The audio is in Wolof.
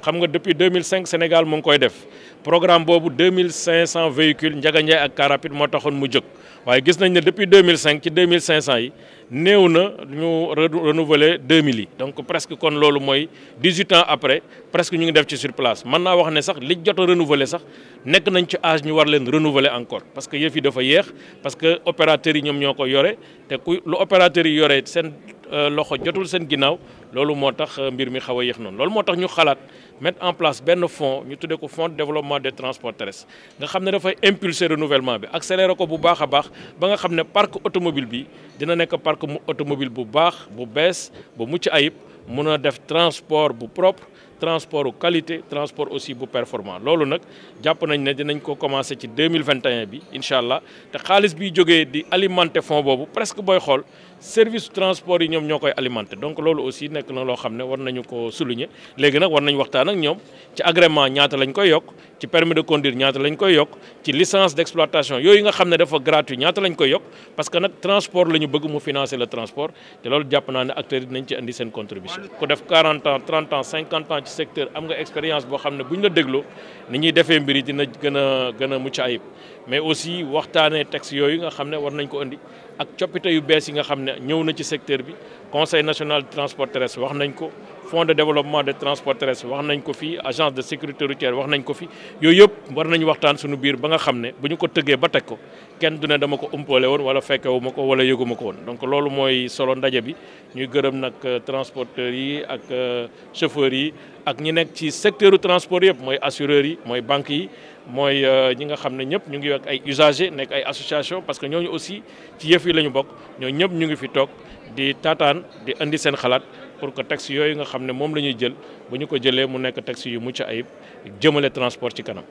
xam nga depuis 2005 Sénégal mo ngi koy def programme bobu 2500 véhicules njaga njay ak car rapide moo taxoon mu jóg waye gis nañ ne depuis 2005 ci 2500 yi néew na ñu renouveler 2000 yi donc presque kon lolu moy 18 ans après presque ñu ngi def ci sur place man na wax ne sax li jot renouveler sax nek nañ ci âge ñu war leen renouveler encore parce que yëf yi dafa yeex parce que opérateur yi ñom ñoko yoré yore te ku lu opérateur yi yoré sen euh, loxo jotul sen ginnaw lolu motax euh, mbir mi xawa yeex non lolu motax ñu xalat mettre en place ben fonds ñu tuddé ko fonds de développement des transports terrestres nga xamné da fay impulser renouvellement bi accélérer ko bu baaxa a baax ba nga xamné parc automobile bi dina nek parc automobile bu baax bu bess bu mucc ayib mëna def transport bu propre transport qualité transport aussi bu performant loolu nag jàpp nañ ne dinañ ko commencé ci deux mille vingt et bi incha allah te xaalis bi jógee di alimenter fonds boobu presque booy xool service transport yi ñoom ñoo koy alimenter donc loolu aussi nekk na loo xam ne war nañu ko souligner léegi nag war nañ waxtaan ak ñoom ci agrément ñaata lañ koy yokk. ci permis de conduire ñaata lañ koy yokk ci licence d' exploitation yooyu nga xam ne dafa gratuit ñaata lañ koy yokk parce que nag transport la ñu bëgg mu financer le transport te loolu jàpp naa ne acteurs nañ ci indi seen contribution. ku def 40 ans 30 ans 50 ans ci secteur am nga expérience boo xam ne bu ñu la dégloo ni ñuy defee mbir yi dina gën a gën a mucc ayib mais aussi waxtaanee texte yooyu nga xam ne war nañ ko indi ak coppite yu bees yi nga xam ne ñëw na ci secteur bi conseil national de transport terrestre wax nañ ko fonds de développement de transport terrestre wax nañ ko fii agence de sécurité routière wax nañ ko fi yooyu yëpp war nañu waxtaan suñu biir ba nga xam ne bu ñu ko tëggee ba teg ko kenn du ne dama ko umpale woon wala fekkewu ma ko wala yëguma ko woon donc loolu mooy solo ndaje bi ñuy gërëm nag euh, transporteurs yi ak euh, chauffeurs yi ak ñi nekk ci secteur transport yëpp mooy assureurs yi mooy banques yi mooy euh, ñi nga xam ne ñëpp ñu ngi ak ay usagers nekk ay association parce que ñooñu aussi ci yëf yi la ñu bokk ñooñu ñëpp ñu ngi fi toog di taataan di andi sen xalaat pour que taxi yooyu nga xam ne moom la ñuy jël bu ñu ko jëlee mu nekk taxi yu mucc ayib jëmale transport ci kanam.